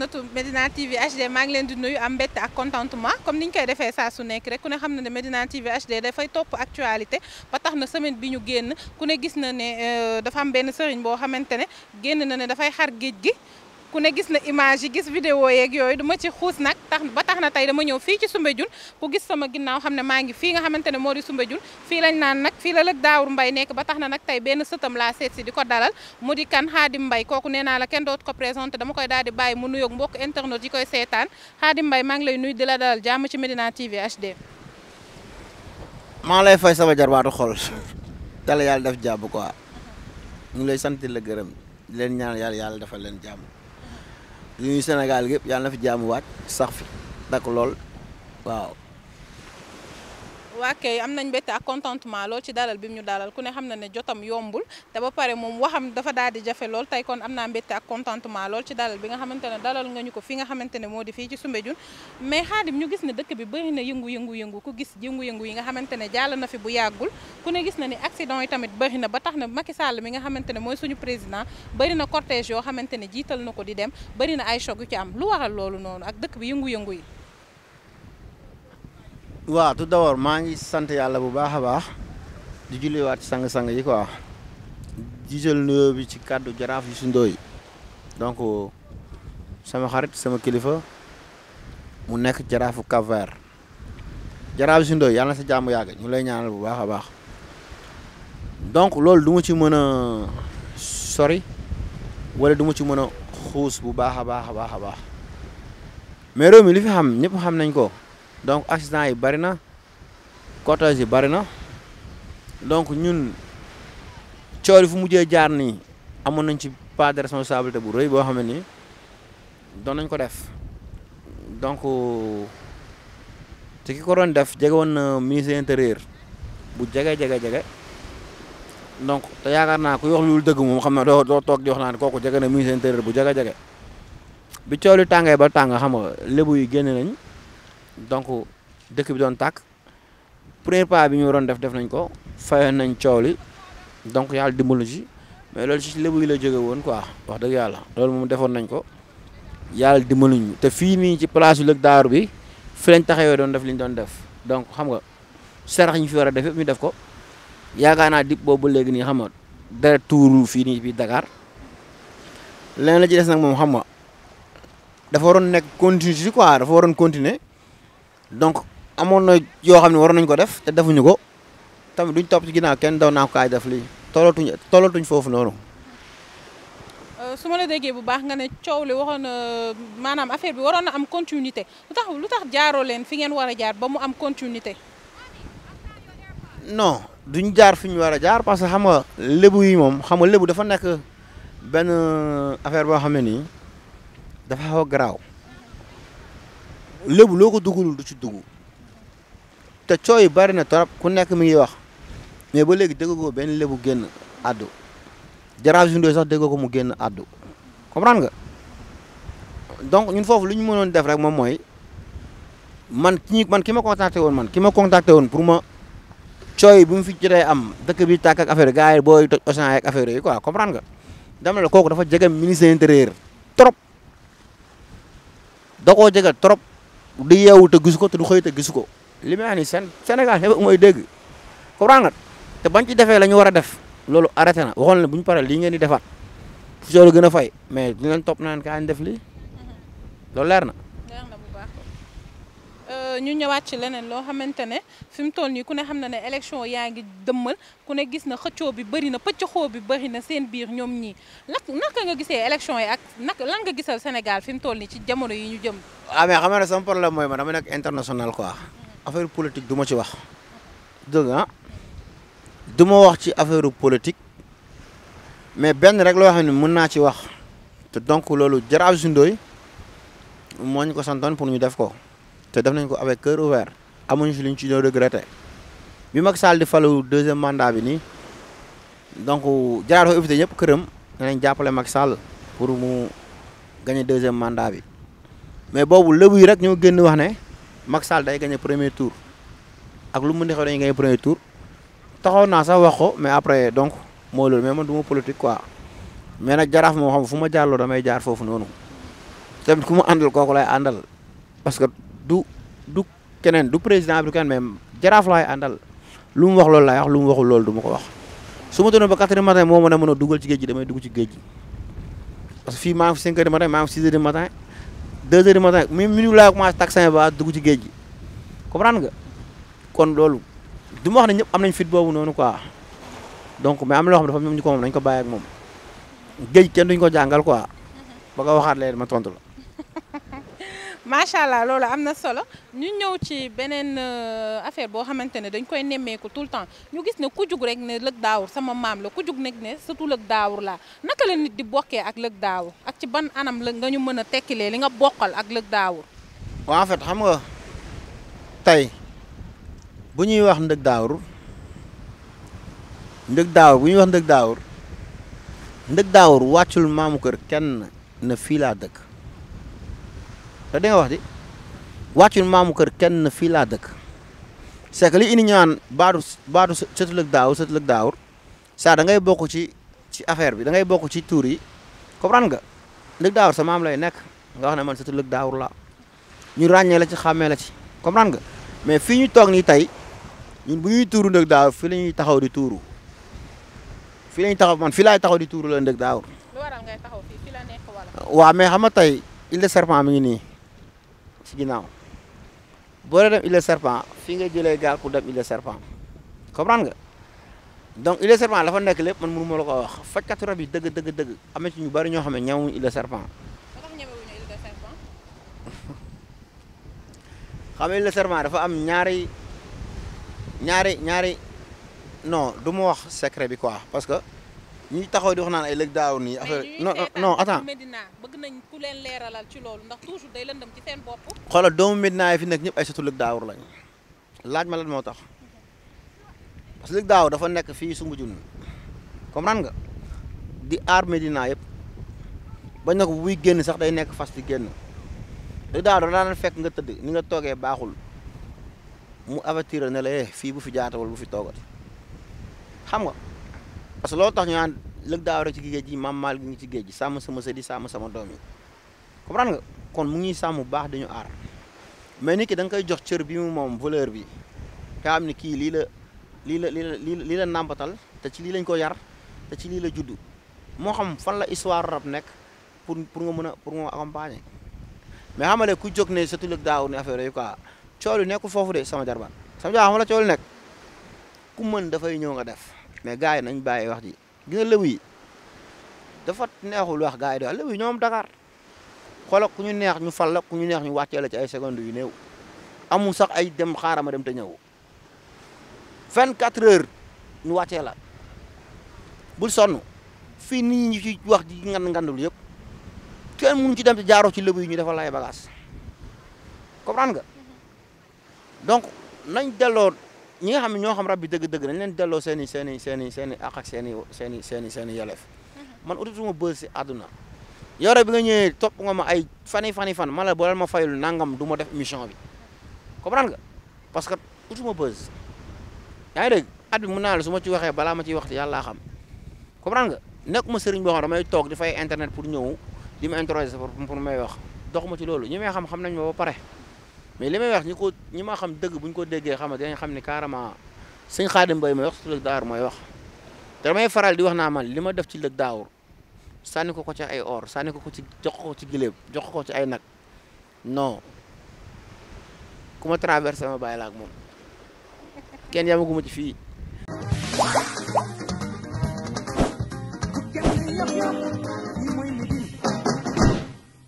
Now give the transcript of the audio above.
natu Medina TV HD maa ngi leen di nuyu am mbégte ak contentement comme ni ñu koy defee saa su nekk rek ku ne xam na ne Medina TV HD dafay topp actualité ba tax na semaine bi ñu génn ku ne gis na ne euh, dafa am benn sëriñ boo xamante ne génn na ne dafay xar géej gi. ku ne gis na image yi gis vidéo yeeg yooyu dama ci xuus nag tax ba tax na tey dama ñëw fii ci Soumbédioune ku gis sama ginnaaw xam ne maa ngi fii nga xamante ne moo di Soumbédioune fii lañ naan nag fii la Lëg Daawur Mbay nekk ba tax na nag tey benn sëtam laa seet si di ko dalal mu di kan Xaadim Mbay kooku nee naa la kenn doot ko présenté dama koy daal di bàyyi mu nuyoog mbokk internet yi koy seetaan di Mbay maa ngi lay nuyu di la dalal jàmm ci Medina TV HD lay fay sama jarbaatu xol dala yàlla def jàmm quoi ñu ngi lay sant la gërëm di ñaan yàlla yàlla defal leen jàmm ñuy Sénégal yëpp yàlla na fi jaamu waaj sax fi dakk lool waaw waa kay am nañ mbégte ak contentement lool ci dalal bi mu ñu dalal ku ne xam na ne jotam yombul te ba pare moom waxam dafa daal di jafe lool tey kon am naa mbégte ak contentement lool ci dalal bi nga xamante ne dalal nga ko fi nga xamante ne moo ci Soumbédioune mais xaadim ñu gis ne dëkk bi bëri na yëngu yëngu gis yëngu yi nga xamante ne jàll na fi bu yàggul ku ne gis na ni accident yi tamit bëri na ba tax na Macky Sall mi nga xamante ne mooy suñu président bëri na cortège yoo xamante ne jiital na ko di dem bëri na ay choc ci am lu waral loolu noonu ak dëkk bi yëngu-yëngu yi waaw tout d'abord maa ngi sant yàlla bu baax a baax di julliwaat ci sang-sang yi quoi di jël nuyoo ci kàddu jaraaf Youssou Ndoye donc sama xarit sama kilifa mu nekk jaraafu Cap-Vert jaraaf Youssou Ndoye yàlla sa jàmm yàgg ñu lay ñaanal bu baax a baax donc loolu duma ci mën a sori wala duma ci mën a xuus bu baax a baax a baax a baax mais réew mi li fi xam ñëpp xam nañ ko. donc accident yi bari na cortège yi bari na donc ñun coow li fu mujjee jaar ni amoon nañ ci pas de responsabilité bu rëy boo xam ne nii doon nañ ko def donc te ki ko doon def jege woon na ministre intérieur bu jege jege jege donc te yaakaar naa ku wax lu dëgg moom xam na doo doo toog di wax naan kooku jege na ministre intérieur bu jege jege bi coow li tàngee ba tàng xam nga lébu yi génne nañ. donc dëkk bi doon takk premier pas bi ñu waroon def def nañ ko fayoon nañ coow li donc yàlla dimbalu ci mais loolu ci lébu yi la jóge woon quoi wax dëgg yàlla loolu moom defoon nañ ko yàlla dimbaluñu te fii nii ci place yu lëg daaru bi fi lañ taxawee doon def li ñu doon def donc xam nga sarax ñi fi war a def def ko yaakaar naa dip boobu léegi nii xam nga dara tuuru fii nii bi Dakar leneen la ci des nag moom xam nga dafa waroon nekk continuer quoi dafa waroon continuer donc amoon na yoo xam ne waroon nañ ko def te defuñu ko tamit duñ topp ci ginnaaw kenn daw naa ko kaay def lii tollatuñ tollatuñ foofu noonu. Euh, su ma la déggee bu baax nga ne coow le waxoon maanaam affaire bi waroon na am continuité lu tax lu jaaroo leen fi ngeen war a jaar ba mu am continuité. non duñ jaar fi ñu war a jaar parce que xam nga lébu yi moom xam nga lébu dafa nekk benn affaire boo xam ne nii dafa xaw a garaaw. lébu loo ko dugalul lu ci dugg te coow yi bari na trop ku nekk mi ngi wax mais ba léegi dégg ko benn lébu génn àddu jaraaf si ndoy sax dégg ko mu génn addo comprendre ga donc ñun foofu lu ñu mënoon def rek moom mooy man ki man ki ma contacté woon man ki ma contacté woon pour ma cooy bu mu fi jotee am dëkk bi tàkk ak affaire gars yi booy toj océan ak affaire yi quoi comprendre nga dama la kooku dafa jege ministre intérieur trop da koo jege trop du yeewu te gisu ko te du xëy te gisu ko li may ni seen Sénégal ñëpp mooy dégg comprendre nga te bañ ci defee la ñu war a def loolu arrêté na waxoon na bu ñu paree lii ngeen di defaat fu soobee gën a fay mais dinañ topp naan kaa ñu def lii mhm. loolu leer na. Euh, ñu ñëwaat ci leneen loo xamante ne fi mu toll nii ku ne xam na ne élection yaa ngi dëmmal ku ne gis na xëccoo bi bëri na pëccëxoo bi bëri na seen biir ñoom ñii nak naka nga gisee élection yi ak nak lan nga gisal Sénégal fi mu toll nii ci jamono yi ñu jëm. ah mais xam nga ne sama mooy man dama nekk international quoi affaire politique du ma ci wax. dëgg du ma wax ci affaire politique mais benn rek loo xam ne mën naa ci wax te donc loolu jaraaf Youssou Ndoye moo ñu ko santoon pour ñu def ko. te def nañ ko awee cœur ouvert amuñu fi luñ ci ñëw regretté bi Macky Sall di falu deuxième mandat bi nii donc jaraat ko ñëpp këram danañ jàppale Macky Sall pour mu gagné deuxième mandat bi mais boobu lëbu yi rek ñoo génn wax ne Macky Sall day gagné premier tour ak lu mu mën a xew dañuy premier tour taxaw naa sax wax ko mais après donc moo loolu mais man du ma politique quoi mais nag jaraaf moo xam fu ma jaarloo damay jaar foofu noonu tamit mu àndal kooku lay àndal parce que. du du keneen du président bi du keneen mais jaraaf laay àndal lu mu wax loolu laay wax lu mu waxul loolu du ma ko wax su ma doon ba quatre heures matin moo mën a mën a dugal ci géej gi damay dugg ci géej gi parce que fii maa ngi fi cinq heures du maa ngi fi six heures du matin deux heures du matin ba dugg ci géej gi comprendre nga kon loolu du ma wax na ñëpp am nañ fit boobu noonu quoi donc mais am na loo xam ne dafa ñoom ñu ko moom nañ ko bàyyi ak moom géej kenn duñ ko jàngal quoi mm-hmm. ba nga waxaat leen ma macha allah loolu am na solo ñu ñëw ci beneen euh, affaire boo xamante ne dañ koy nemmeeku tout le temps ñu gis ne ku jug rek ne lëg daawur sama maam la ku jug nag ne surtout lëg daawur laa naka la nit di bokkee ak lëg daawur ak ci ban anam la nga ñu mën a tekkilee li nga bokkal ak lëg daawur. en fait xam nga tey bu ñuy wax ndëg daawur ndëg daawur bu ñuy wax ndëg daawur ndëg daawur wàccul maamu kër kenn na fii laa dëkk. te da nga wax di wàccul maamu kër kenn fii laa dëkk c'est ini li indi ñaan baatu baatu sëtul daaw sëtul ak daawur saa da ngay bokk ci ci affaire bi da ngay bokk ci tuur yi comprendre nga lëg daawur sa maam lay nekk nga wax ne man sëtul ak daawur la ñu ràññee la ci xàmmee la ci comprendre nga mais fii ñu toog nii tey ñun bu ñuy tuuru ndëg daawur fii la ñuy taxaw di tuuru fii la ñuy taxaw man fii laay taxaw di tuuru la ndëg daawur. lu waral ngay taxaw fii fii la nekk wala. mais xam nga tey Île de nii. ci ginnaaw boo dee dem Île Serpent fii nga jëlee gaal pour dem Île Serpent comprendre nga donc Île Serpent la fa nekk lépp man mënu ma la ko wax fajkatu rab yi dëgg dëgg dëgg am na ci ñu bari ñoo xam ne ñemewuñu Île Serpent. xam nga Île Serpent dafa am ñaari ñaari ñaari non du ma wax secret bi quoi parce que. ñi taxaw di wax naan ay lëg daaw nii affaire non non Medina bëgg nañ ku leen leeralal ci loolu ndax toujours day lëndëm ci seen bopp. xoolal doomu Medina yi fi nekk ñëpp ay sëtu lëg daawur lañ laaj ma moo tax parce que lëg dafa nekk fii sumbu junni comprendre nga di aar Medina yëpp bañ na ko génn sax day nekk fas di génn lëg daaw da fekk nga tëdd ni nga toogee baaxul mu avertir ne la eh, fii bu fi jaatawul bu fi toogati xam nga. parce que loo tax ñu naan lëg daaw rek ci géej gi maam maal gi ngi ci géej gi sàmm sama sëdi sàmm sama doom yi comprendre nga kon mu ngi sàmm bu baax dañu aar mais ni ki danga koy jox cër bi mu moom valeur bi nga xam ne kii lii la lii la lii lii la nàmpatal te ci lii lañ ko yar te ci lii la judd moo xam fan la histoire rab nekk pour pour nga mën a pour nga accompagner mais xamale ku jóg ne surtout lëg daaw ne affaire yooyu quoi cool yi nekkul foofu de sama jarbaat sama jarbaat xam la cool nekk ku mën dafay ñëw nga def mais gars yi nañ bàyyi wax ji gis nga lëbu yi dafa neexul wax gars yi daal ñoom Dakar xoolal ku ñu neex ñu fal la ku ñu neex ñu wàccee la ci ay secondes yu néew amul sax ay dem xaaral ma dem te ñëw 24 heures ñu wàccee la bul sonn fii ni ñu ci wax ji ngand ngandul yëpp kenn mënu ci dem jaaro jaaroo ci lëbu yi ñu defal lay bagage comprendre nga mhm. donc nañ delloo. ñi nga xam ne ñoo xam rab bi dëgg-dëgg dañ leen delloo seen i seen i seen i ak seen i seen seen i seen i yelef mhm. man ututuma bës si àdduna yow rek bi nga ñëwee topp nga ma ay fani fani fan ma la ma fayul nangam du ma def émission bi comprendre nga parce que utuma bës yaa ngi dégg at bi mun naa la su ma ci waxee balaa ma ciy waxti yàlla xam comprendre nga nekk ma sëriñ boo xam damay toog di fay internet pour ñëw di ma interroger may wax dox ma ci loolu ñi xam xam nañ pare mais li may wax ñi ko ñi ma xam dëgg bu ñu ko déggee xam nga dañuy xam ne carrément sëñ Xaadim Mbay may wax su lëg daawur mooy wax te damay faral di wax naa man li ma def ci lëg daawur sànni ko ko ci ay or sànni ko ko ci jox ko ci giléeb jox ko ci ay nag non ku ma traversé ma bàyyi la ak moom kenn yamaguma ci fii